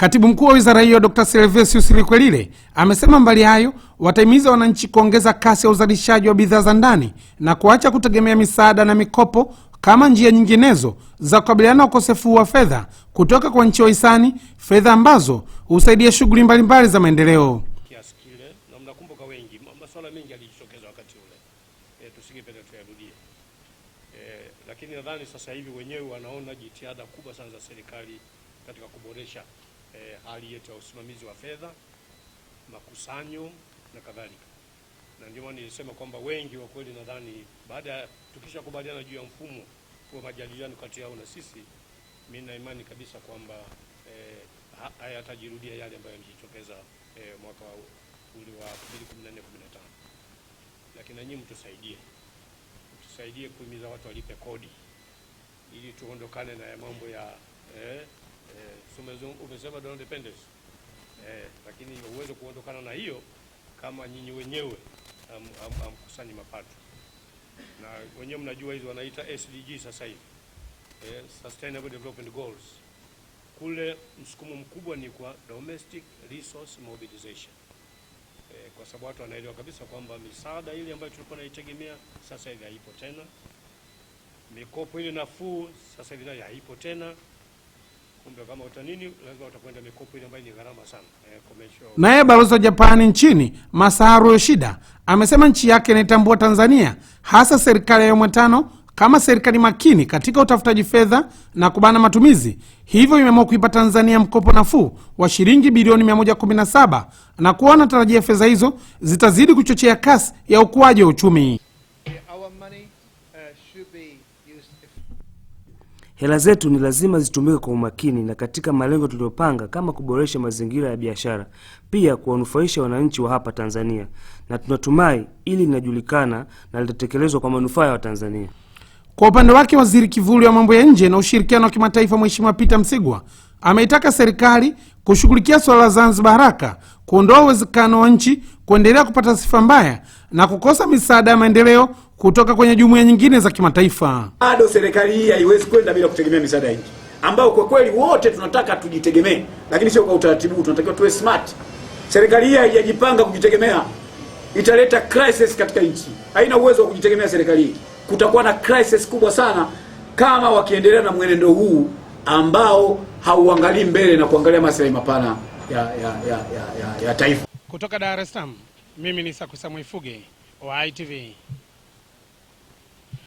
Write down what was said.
Katibu mkuu wa wizara hiyo Dr Silvesius Likwelile amesema mbali hayo watahimiza wananchi kuongeza kasi ya uzalishaji wa bidhaa za ndani na kuacha kutegemea misaada na mikopo kama njia nyinginezo za kukabiliana na ukosefu wa fedha kutoka kwa nchi wahisani, fedha ambazo husaidia shughuli mbalimbali za maendeleo. E, e, lakini nadhani sasa hivi wenyewe wanaona jitihada kubwa sana za serikali katika kuboresha e, hali yetu ya usimamizi wa fedha, makusanyo na kadhalika, na ndio maana nilisema kwamba wengi wa kweli, nadhani baada ya tukishakubaliana juu ya mfumo wa majadiliano kati yao na sisi, mimi na imani kabisa kwamba e, eh, atajirudia yale ambayo yalijitokeza e, mwaka ule wa 2014 15 lakini na nyinyi mtusaidie, mtusaidie kuhimiza watu walipe kodi ili tuondokane na mambo ya eh, umesema don't dependence eh, lakini uwezo kuondokana na hiyo kama nyinyi wenyewe hamkusanyi am, am, mapato na wenyewe mnajua hizo wanaita SDG sasa hivi eh, Sustainable Development Goals. Kule msukumo mkubwa ni kwa domestic resource mobilization eh, kwa sababu watu wanaelewa kabisa kwamba misaada ile ambayo tulikuwa naitegemea sasa hivi haipo tena, mikopo ile nafuu sasa hivi nayo haipo tena. Eh, Naye balozi wa Japani nchini Masaharu Yoshida amesema nchi yake inaitambua Tanzania hasa serikali ya awamu tano kama serikali makini katika utafutaji fedha na kubana matumizi, hivyo imeamua kuipa Tanzania mkopo nafuu wa shilingi bilioni 117 na kuwa anatarajia fedha hizo zitazidi kuchochea kasi ya ukuaji wa uchumi. Eh, Hela zetu ni lazima zitumike kwa umakini na katika malengo tuliyopanga kama kuboresha mazingira ya biashara, pia kuwanufaisha wananchi wa hapa Tanzania, na tunatumai ili linajulikana na litatekelezwa kwa manufaa ya Watanzania. Kwa upande wake, Waziri Kivuli wa mambo ya nje na ushirikiano wa kimataifa Mheshimiwa Peter Msigwa ameitaka serikali kushughulikia suala la Zanzibar haraka, kuondoa uwezekano wa nchi kuendelea kupata sifa mbaya na kukosa misaada ya maendeleo kutoka kwenye jumuiya nyingine za kimataifa. Bado serikali hii haiwezi kwenda bila kutegemea misaada ya nje, ambayo kwa kweli wote tunataka tujitegemee, lakini sio kwa utaratibu. Tunatakiwa tuwe smart. Serikali hii haijajipanga kujitegemea, italeta crisis katika nchi. Haina uwezo wa kujitegemea serikali hii. Kutakuwa na crisis kubwa sana kama wakiendelea na mwenendo huu ambao hauangalii mbele na kuangalia maslahi mapana ya, ya, ya, ya, ya, ya taifa. Kutoka Dar es Salaam, mimi ni Sakusa Mwifuge wa ITV.